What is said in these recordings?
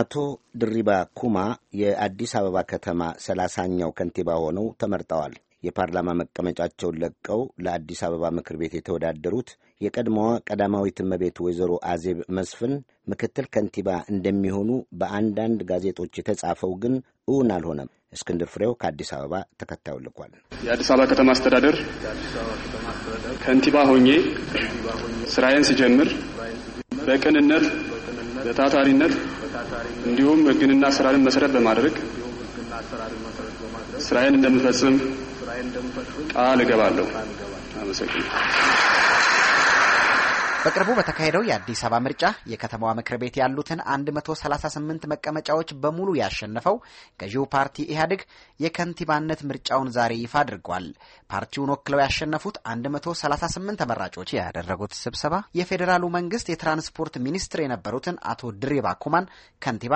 አቶ ድሪባ ኩማ የአዲስ አበባ ከተማ ሰላሳኛው ከንቲባ ሆነው ተመርጠዋል። የፓርላማ መቀመጫቸውን ለቀው ለአዲስ አበባ ምክር ቤት የተወዳደሩት የቀድሞዋ ቀዳማዊት እመቤት ወይዘሮ አዜብ መስፍን ምክትል ከንቲባ እንደሚሆኑ በአንዳንድ ጋዜጦች የተጻፈው ግን እውን አልሆነም። እስክንድር ፍሬው ከአዲስ አበባ ተከታዩ ልኳል። የአዲስ አበባ ከተማ አስተዳደር ከንቲባ ሆኜ ስራዬን ስጀምር በቅንነት በታታሪነት እንዲሁም ህግንና ስራን መሰረት በማድረግ ስራዬን እንደምፈጽም ቃል እገባለሁ። አመሰግናለሁ። በቅርቡ በተካሄደው የአዲስ አበባ ምርጫ የከተማዋ ምክር ቤት ያሉትን 138 መቀመጫዎች በሙሉ ያሸነፈው ገዢው ፓርቲ ኢህአዴግ የከንቲባነት ምርጫውን ዛሬ ይፋ አድርጓል። ፓርቲውን ወክለው ያሸነፉት 138 ተመራጮች ያደረጉት ስብሰባ የፌዴራሉ መንግስት የትራንስፖርት ሚኒስትር የነበሩትን አቶ ድሪባ ኩማን ከንቲባ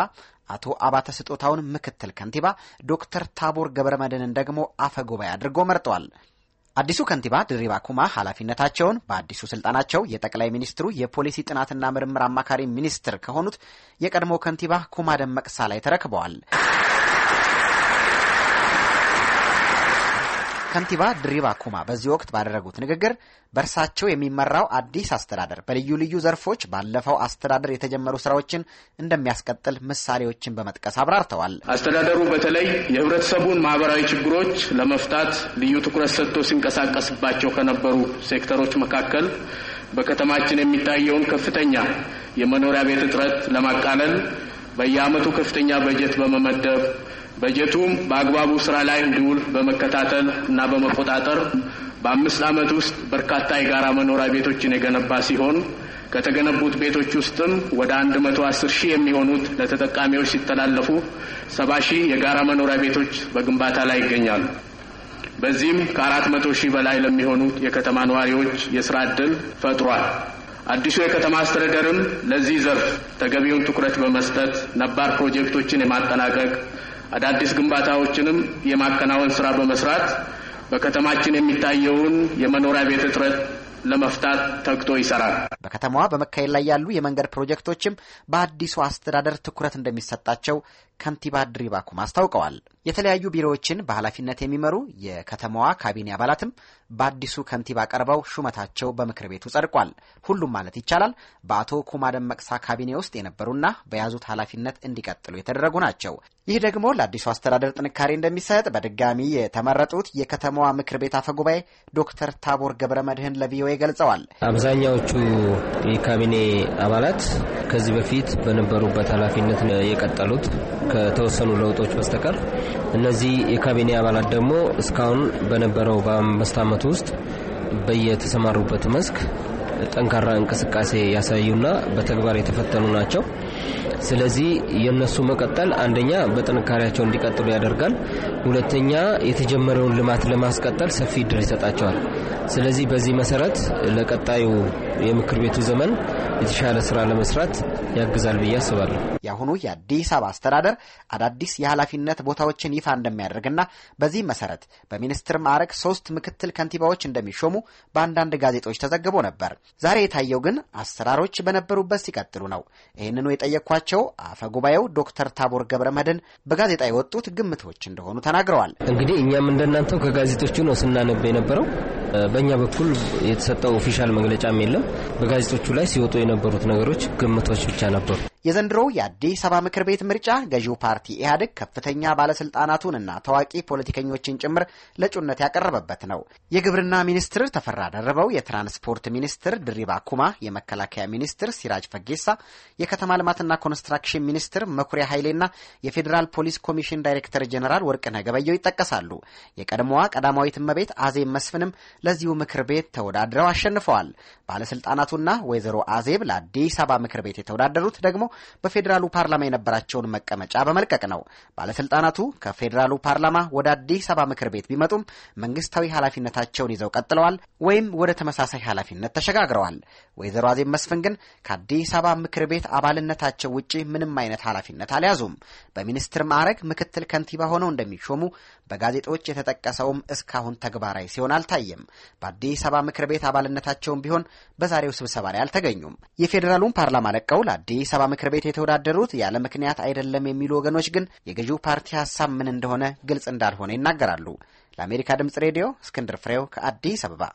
አቶ አባተ ስጦታውን ምክትል ከንቲባ ዶክተር ታቦር ገብረመድህንን ደግሞ አፈ ጉባኤ አድርጎ መርጠዋል። አዲሱ ከንቲባ ድሪባ ኩማ ኃላፊነታቸውን በአዲሱ ስልጣናቸው የጠቅላይ ሚኒስትሩ የፖሊሲ ጥናትና ምርምር አማካሪ ሚኒስትር ከሆኑት የቀድሞ ከንቲባ ኩማ ደመቅሳ ላይ ተረክበዋል። ከንቲባ ድሪባ ኩማ በዚህ ወቅት ባደረጉት ንግግር በእርሳቸው የሚመራው አዲስ አስተዳደር በልዩ ልዩ ዘርፎች ባለፈው አስተዳደር የተጀመሩ ስራዎችን እንደሚያስቀጥል ምሳሌዎችን በመጥቀስ አብራርተዋል። አስተዳደሩ በተለይ የህብረተሰቡን ማህበራዊ ችግሮች ለመፍታት ልዩ ትኩረት ሰጥቶ ሲንቀሳቀስባቸው ከነበሩ ሴክተሮች መካከል በከተማችን የሚታየውን ከፍተኛ የመኖሪያ ቤት እጥረት ለማቃለል በየዓመቱ ከፍተኛ በጀት በመመደብ በጀቱም በአግባቡ ስራ ላይ እንዲውል በመከታተል እና በመቆጣጠር በአምስት ዓመት ውስጥ በርካታ የጋራ መኖሪያ ቤቶችን የገነባ ሲሆን ከተገነቡት ቤቶች ውስጥም ወደ አንድ መቶ አስር ሺህ የሚሆኑት ለተጠቃሚዎች ሲተላለፉ ሰባ ሺህ የጋራ መኖሪያ ቤቶች በግንባታ ላይ ይገኛሉ። በዚህም ከአራት መቶ ሺህ በላይ ለሚሆኑት የከተማ ነዋሪዎች የስራ ዕድል ፈጥሯል። አዲሱ የከተማ አስተዳደርም ለዚህ ዘርፍ ተገቢውን ትኩረት በመስጠት ነባር ፕሮጀክቶችን የማጠናቀቅ አዳዲስ ግንባታዎችንም የማከናወን ስራ በመስራት በከተማችን የሚታየውን የመኖሪያ ቤት እጥረት ለመፍታት ተግቶ ይሰራል። በከተማዋ በመካሄድ ላይ ያሉ የመንገድ ፕሮጀክቶችም በአዲሱ አስተዳደር ትኩረት እንደሚሰጣቸው ከንቲባ ድሪባ ኩማ አስታውቀዋል። የተለያዩ ቢሮዎችን በኃላፊነት የሚመሩ የከተማዋ ካቢኔ አባላትም በአዲሱ ከንቲባ ቀርበው ሹመታቸው በምክር ቤቱ ጸድቋል። ሁሉም ማለት ይቻላል በአቶ ኩማ ደመቅሳ ካቢኔ ውስጥ የነበሩና በያዙት ኃላፊነት እንዲቀጥሉ የተደረጉ ናቸው። ይህ ደግሞ ለአዲሱ አስተዳደር ጥንካሬ እንደሚሰጥ በድጋሚ የተመረጡት የከተማዋ ምክር ቤት አፈጉባኤ ዶክተር ታቦር ገብረ መድህን ለቪኦኤ ገልጸዋል። አብዛኛዎቹ የካቢኔ አባላት ከዚህ በፊት በነበሩበት ኃላፊነት የቀጠሉት ከተወሰኑ ለውጦች በስተቀር እነዚህ የካቢኔ አባላት ደግሞ እስካሁን በነበረው በአምስት ዓመት ውስጥ በየተሰማሩበት መስክ ጠንካራ እንቅስቃሴ ያሳዩና በተግባር የተፈተኑ ናቸው። ስለዚህ የነሱ መቀጠል አንደኛ በጥንካሬያቸው እንዲቀጥሉ ያደርጋል። ሁለተኛ የተጀመረውን ልማት ለማስቀጠል ሰፊ እድል ይሰጣቸዋል። ስለዚህ በዚህ መሰረት ለቀጣዩ የምክር ቤቱ ዘመን የተሻለ ስራ ለመስራት ያግዛል ብዬ አስባለሁ። የአሁኑ የአዲስ አበባ አስተዳደር አዳዲስ የኃላፊነት ቦታዎችን ይፋ እንደሚያደርግና በዚህ መሰረት በሚኒስትር ማዕረግ ሶስት ምክትል ከንቲባዎች እንደሚሾሙ በአንዳንድ ጋዜጦች ተዘግቦ ነበር። ዛሬ የታየው ግን አሰራሮች በነበሩበት ሲቀጥሉ ነው። ይህንኑ የጠየኳቸው አፈ ጉባኤው ዶክተር ታቦር ገብረ መድን በጋዜጣ የወጡት ግምቶች እንደሆኑ ተናግረዋል። እንግዲህ እኛም እንደናንተው ከጋዜጦቹ ነው ስናነብ የነበረው። በእኛ በኩል የተሰጠው ኦፊሻል መግለጫም የለም። በጋዜጦቹ ላይ ሲወጡ የነበሩት ነገሮች ግምቶች ብቻ ነበሩ። የዘንድሮው የአዲስ አበባ ምክር ቤት ምርጫ ገዢው ፓርቲ ኢህአዴግ ከፍተኛ ባለስልጣናቱን እና ታዋቂ ፖለቲከኞችን ጭምር ለእጩነት ያቀረበበት ነው። የግብርና ሚኒስትር ተፈራ ደርበው፣ የትራንስፖርት ሚኒስትር ድሪባ ኩማ፣ የመከላከያ ሚኒስትር ሲራጅ ፈጌሳ፣ የከተማ ልማትና ኮንስትራክሽን ሚኒስትር መኩሪያ ኃይሌና የፌዴራል ፖሊስ ኮሚሽን ዳይሬክተር ጀኔራል ወርቅነህ ነገበየው ይጠቀሳሉ። የቀድሞዋ ቀዳማዊት እመቤት አዜብ መስፍንም ለዚሁ ምክር ቤት ተወዳድረው አሸንፈዋል። ባለስልጣናቱና ወይዘሮ አዜብ ለአዲስ አበባ ምክር ቤት የተወዳደሩት ደግሞ በፌዴራሉ ፓርላማ የነበራቸውን መቀመጫ በመልቀቅ ነው። ባለስልጣናቱ ከፌዴራሉ ፓርላማ ወደ አዲስ አበባ ምክር ቤት ቢመጡም መንግስታዊ ኃላፊነታቸውን ይዘው ቀጥለዋል ወይም ወደ ተመሳሳይ ኃላፊነት ተሸጋግረዋል። ወይዘሮ አዜብ መስፍን ግን ከአዲስ አበባ ምክር ቤት አባልነታቸው ውጪ ምንም አይነት ኃላፊነት አልያዙም። በሚኒስትር ማዕረግ ምክትል ከንቲባ ሆነው እንደሚሾሙ በጋዜጦች የተጠቀሰውም እስካሁን ተግባራዊ ሲሆን አልታየም። በአዲስ አበባ ምክር ቤት አባልነታቸውም ቢሆን በዛሬው ስብሰባ ላይ አልተገኙም። የፌዴራሉን ፓርላማ ለቀው ለአዲስ አበባ ምክር ቤት የተወዳደሩት ያለ ምክንያት አይደለም የሚሉ ወገኖች ግን የገዢው ፓርቲ ሀሳብ ምን እንደሆነ ግልጽ እንዳልሆነ ይናገራሉ። ለአሜሪካ ድምጽ ሬዲዮ እስክንድር ፍሬው ከአዲስ አበባ